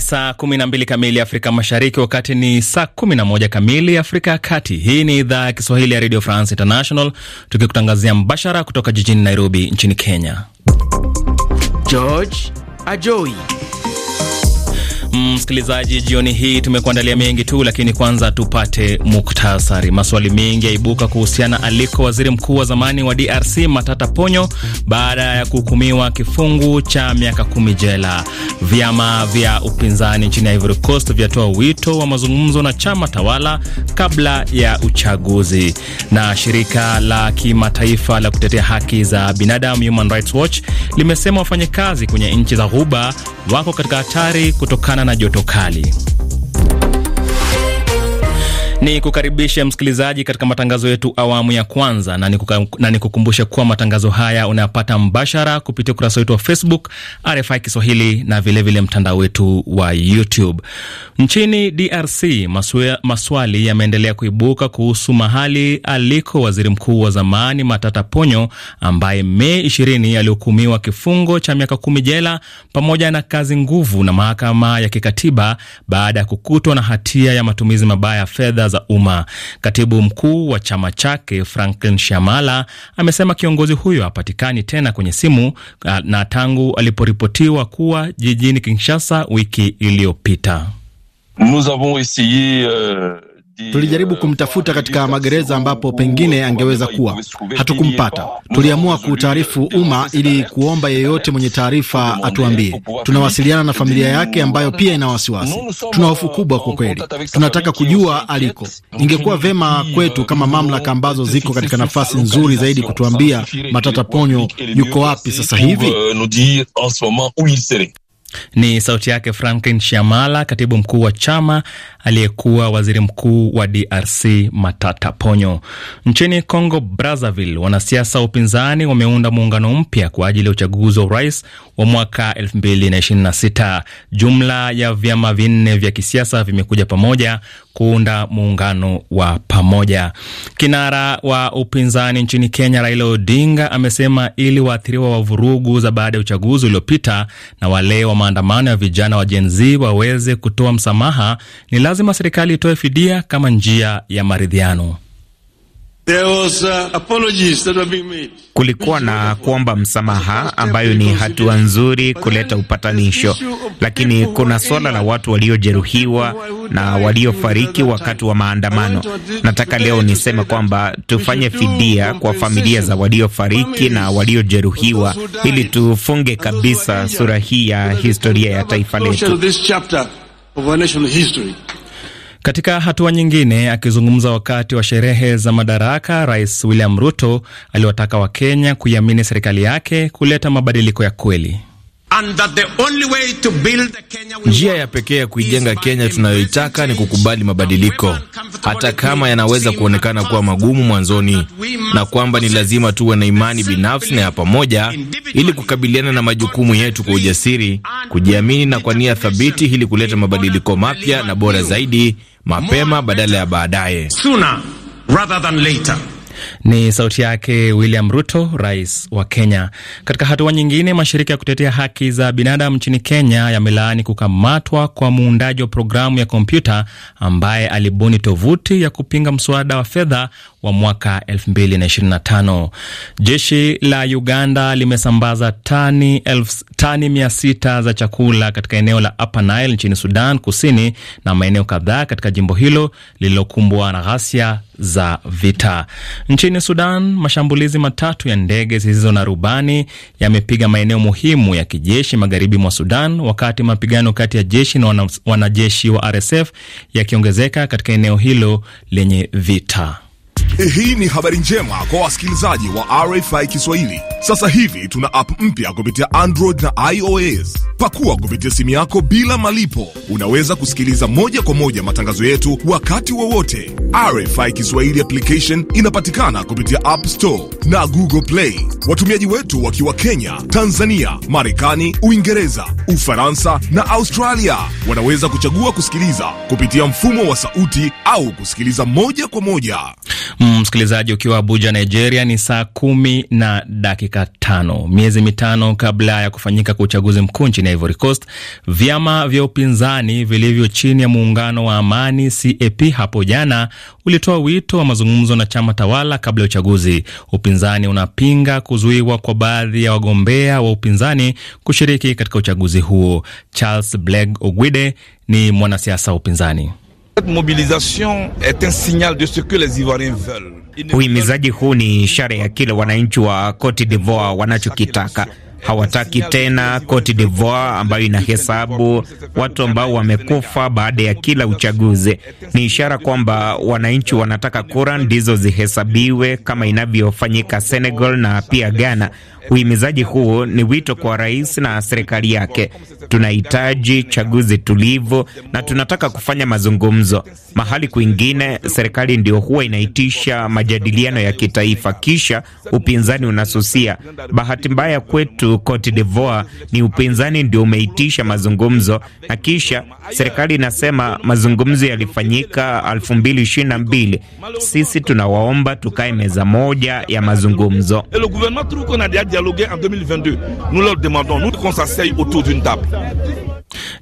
ni saa 12 kamili Afrika Mashariki, wakati ni saa 11 kamili Afrika ya Kati. Hii ni idhaa ya Kiswahili ya Radio France International, tukikutangazia mbashara kutoka jijini Nairobi nchini Kenya. George Ajoi Mm, msikilizaji, jioni hii tumekuandalia mengi tu, lakini kwanza tupate muktasari. Maswali mengi yaibuka kuhusiana aliko waziri mkuu wa zamani wa DRC Matata Ponyo baada ya kuhukumiwa kifungu cha miaka kumi jela. Vyama vya upinzani nchini Ivory Coast vyatoa wito wa mazungumzo na chama tawala kabla ya uchaguzi. Na shirika la kimataifa la kutetea haki za binadamu Human Rights Watch limesema wafanyakazi kwenye nchi za Ghuba wako katika hatari kutokana kutokana na joto kali. Ni kukaribishe msikilizaji katika matangazo yetu awamu ya kwanza, na nikukumbushe kuwa matangazo haya unayapata mbashara kupitia ukurasa wetu wa Facebook RFI Kiswahili na vilevile mtandao wetu wa YouTube. Nchini DRC maswali yameendelea kuibuka kuhusu mahali aliko waziri mkuu wa zamani Matata Ponyo ambaye Mei 20 alihukumiwa kifungo cha miaka kumi jela pamoja na kazi nguvu na mahakama ya kikatiba baada ya kukutwa na hatia ya matumizi mabaya ya fedha za umma. Katibu mkuu wa chama chake Franklin Shamala amesema kiongozi huyo hapatikani tena kwenye simu ah, na tangu aliporipotiwa kuwa jijini Kinshasa wiki iliyopita. Euh, Tulijaribu kumtafuta katika magereza ambapo pengine angeweza kuwa, hatukumpata. Tuliamua kuutaarifu umma ili kuomba yeyote mwenye taarifa atuambie. Tunawasiliana na familia yake ambayo pia ina wasiwasi. Tuna hofu kubwa kwa kweli, tunataka kujua aliko. Ingekuwa vema kwetu kama mamlaka ambazo ziko katika nafasi nzuri zaidi kutuambia Matata Ponyo yuko wapi sasa hivi. Ni sauti yake Franklin Shiamala, katibu mkuu wa chama aliyekuwa waziri mkuu wa DRC Matata Ponyo. Nchini Congo Brazzaville, wanasiasa wa upinzani wameunda muungano mpya kwa ajili ya uchaguzi wa urais wa mwaka 2026. Jumla ya vyama vinne vya kisiasa vimekuja pamoja kuunda muungano wa pamoja. Kinara wa upinzani nchini Kenya Raila Odinga amesema ili waathiriwa wa vurugu za baada ya uchaguzi uliopita na wale wa maandamano ya vijana wa Gen Z waweze kutoa msamaha, ni lazima serikali itoe fidia kama njia ya maridhiano. There was, uh, apologies that were being made. Kulikuwa na kuomba msamaha ambayo ni hatua nzuri kuleta upatanisho, lakini kuna suala la watu waliojeruhiwa na waliofariki wakati wa maandamano. Nataka leo niseme kwamba tufanye fidia kwa familia za waliofariki na waliojeruhiwa, ili tufunge kabisa sura hii ya historia ya taifa letu. Katika hatua nyingine, akizungumza wakati wa sherehe za Madaraka, Rais William Ruto aliwataka Wakenya kuiamini serikali yake kuleta mabadiliko ya kweli. Njia ya pekee ya kuijenga Kenya tunayoitaka ni kukubali mabadiliko, hata kama yanaweza kuonekana kuwa magumu mwanzoni, na kwamba ni lazima tuwe na imani binafsi na ya pamoja ili kukabiliana na majukumu yetu kwa ujasiri, kujiamini na kwa nia thabiti, ili kuleta mabadiliko mapya na bora zaidi mapema badala ya baadaye. Ni sauti yake William Ruto, rais wa Kenya. Katika hatua nyingine, mashirika ya kutetea haki za binadamu nchini Kenya yamelaani kukamatwa kwa muundaji wa programu ya kompyuta ambaye alibuni tovuti ya kupinga mswada wa fedha wa mwaka 2025. Jeshi la Uganda limesambaza tani, tani mia sita za chakula katika eneo la Upper Nile nchini Sudan Kusini na maeneo kadhaa katika jimbo hilo lililokumbwa na ghasia za vita. Nchini Sudan, mashambulizi matatu ya ndege zisizo na rubani yamepiga maeneo muhimu ya kijeshi magharibi mwa Sudan, wakati mapigano kati ya jeshi na wanajeshi wa RSF yakiongezeka katika eneo hilo lenye vita. Hii ni habari njema kwa wasikilizaji wa RFI Kiswahili. Sasa hivi tuna app mpya kupitia Android na iOS. Pakua kupitia simu yako bila malipo. Unaweza kusikiliza moja kwa moja matangazo yetu wakati wowote wa RFI Kiswahili application inapatikana kupitia App Store na Google Play. Watumiaji wetu wakiwa Kenya, Tanzania, Marekani, Uingereza, Ufaransa na Australia wanaweza kuchagua kusikiliza kupitia mfumo wa sauti au kusikiliza moja kwa moja. Mm, msikilizaji, mm, ukiwa Abuja, Nigeria ni saa kumi na dakika tano. Miezi mitano kabla ya kufanyika kwa uchaguzi mkuu nchini Ivory Coast, vyama vya upinzani vilivyo chini ya muungano wa amani CAP hapo jana ulitoa wito wa mazungumzo na chama tawala kabla ya uchaguzi. Upinzani unapinga kuzuiwa kwa baadhi ya wagombea wa upinzani kushiriki katika uchaguzi huo. Charles Blake Ogwide ni mwanasiasa wa upinzani. Uhimizaji huu ni ishara ya kile wananchi wa Cote d'Ivoire wanachokitaka hawataki tena Cote d'Ivoire ambayo inahesabu watu ambao wamekufa baada ya kila uchaguzi. Ni ishara kwamba wananchi wanataka kura ndizo zihesabiwe kama inavyofanyika Senegal na pia Ghana. Uhimizaji huu ni wito kwa rais na serikali yake. Tunahitaji chaguzi tulivu na tunataka kufanya mazungumzo. Mahali kwingine, serikali ndio huwa inaitisha majadiliano ya kitaifa, kisha upinzani unasusia. Bahati mbaya kwetu Cote d'Ivoire ni upinzani ndio umeitisha mazungumzo, na kisha serikali inasema mazungumzo yalifanyika 2022. Sisi tunawaomba tukae meza moja ya mazungumzo.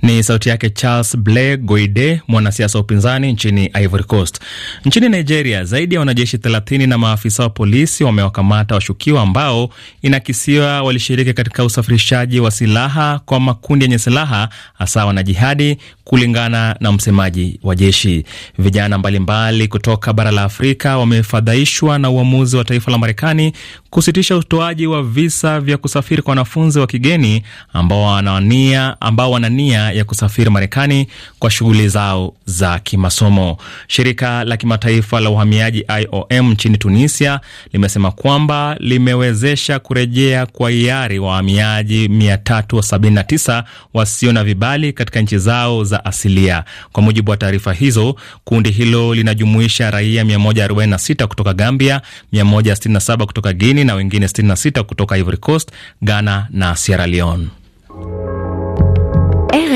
Ni sauti yake Charles Ble Goide, mwanasiasa wa upinzani nchini Ivory Coast. Nchini Nigeria, zaidi ya wanajeshi thelathini na maafisa wa polisi wamewakamata washukiwa ambao inakisiwa walishiriki katika usafirishaji wa silaha kwa makundi yenye silaha, hasa wanajihadi kulingana na msemaji wa jeshi. Vijana mbalimbali kutoka bara la Afrika wamefadhaishwa na uamuzi wa taifa la Marekani kusitisha utoaji wa visa vya kusafiri kwa wanafunzi wa kigeni ambao wanania ambao wana nia ya kusafiri Marekani kwa shughuli zao za kimasomo. Shirika la kimataifa la uhamiaji IOM nchini Tunisia limesema kwamba limewezesha kurejea kwa hiari wahamiaji 379 wasio na vibali katika nchi zao za za asilia. Kwa mujibu wa taarifa hizo, kundi hilo linajumuisha raia 146 kutoka Gambia, 167 kutoka Guinea na wengine 66 kutoka Ivory Coast, Ghana na Sierra Leone.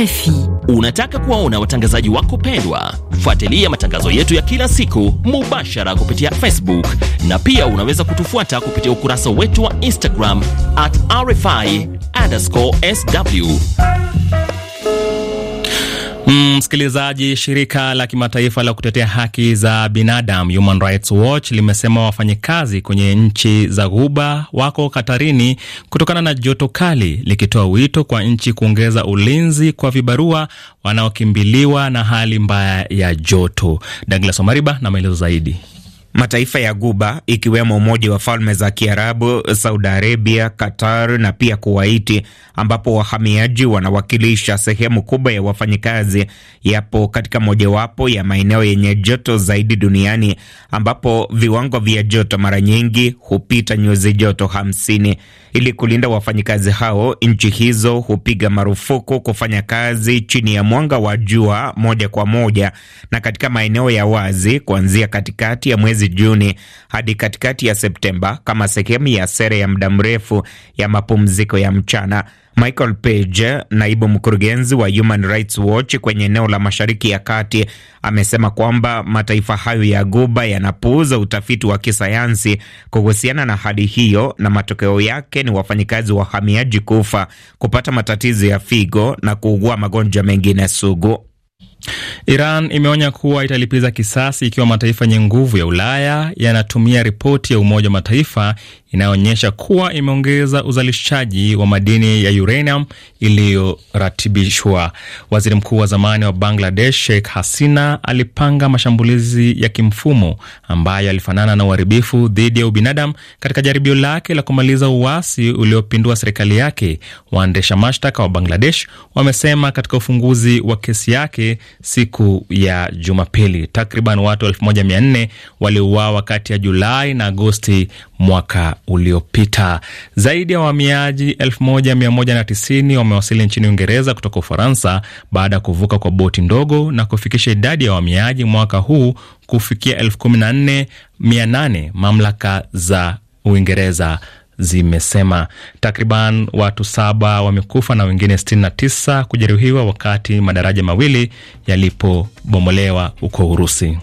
RFI. Unataka kuwaona watangazaji wako pendwa? Fuatilia matangazo yetu ya kila siku mubashara kupitia Facebook na pia unaweza kutufuata kupitia ukurasa wetu wa Instagram at RFI_SW. Mm, msikilizaji, mm, shirika la kimataifa la kutetea haki za binadamu Human Rights Watch limesema wafanyikazi kwenye nchi za Ghuba wako hatarini kutokana na joto kali, likitoa wito kwa nchi kuongeza ulinzi kwa vibarua wanaokimbiliwa na hali mbaya ya joto. Douglas Omariba na maelezo zaidi. Mataifa ya Guba ikiwemo Umoja wa Falme za Kiarabu, Saudi Arabia, Qatar na pia Kuwaiti, ambapo wahamiaji wanawakilisha sehemu kubwa ya wafanyikazi, yapo katika mojawapo ya maeneo yenye joto zaidi duniani, ambapo viwango vya joto mara nyingi hupita nyuzi joto hamsini. Ili kulinda wafanyikazi hao, nchi hizo hupiga marufuku kufanya kazi chini ya mwanga wa jua moja kwa moja na katika maeneo ya wazi kuanzia katikati ya mwezi Juni hadi katikati ya Septemba kama sehemu ya sera ya muda mrefu ya mapumziko ya mchana. Michael Page, naibu mkurugenzi wa Human Rights Watch kwenye eneo la Mashariki ya Kati, amesema kwamba mataifa hayo ya guba yanapuuza utafiti wa kisayansi kuhusiana na hali hiyo, na matokeo yake ni wafanyikazi wa wahamiaji kufa, kupata matatizo ya figo na kuugua magonjwa mengine sugu. Iran imeonya kuwa italipiza kisasi ikiwa mataifa yenye nguvu ya Ulaya yanatumia ripoti ya Umoja wa Mataifa inayoonyesha kuwa imeongeza uzalishaji wa madini ya uranium iliyoratibishwa. Waziri mkuu wa zamani wa Bangladesh Sheikh Hasina alipanga mashambulizi ya kimfumo ambayo alifanana na uharibifu dhidi ya ubinadamu katika jaribio lake la kumaliza uasi uliopindua serikali yake. Waendesha mashtaka wa Bangladesh wamesema katika ufunguzi wa kesi yake siku ya Jumapili, takriban watu 1400 waliuawa kati ya Julai na Agosti mwaka uliopita. Zaidi ya wahamiaji 1190 wamewasili nchini Uingereza kutoka Ufaransa baada ya kuvuka kwa boti ndogo na kufikisha idadi ya wahamiaji mwaka huu kufikia 14800 mamlaka za Uingereza zimesema takriban watu saba wamekufa na wengine 69 kujeruhiwa wakati madaraja mawili yalipobomolewa huko Urusi.